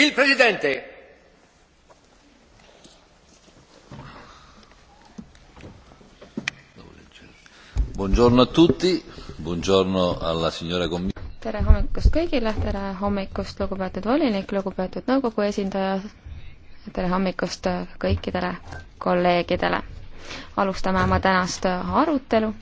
Il Presidente. Buongiorno a tutti, buongiorno alla signora commissaria. tere hommikust kõigile, tere hommikust, lugupeetud volinik, lugupeetud nõukogu esindaja, tere hommikust kõikidele kolleegidele. alustame oma tänast arutelu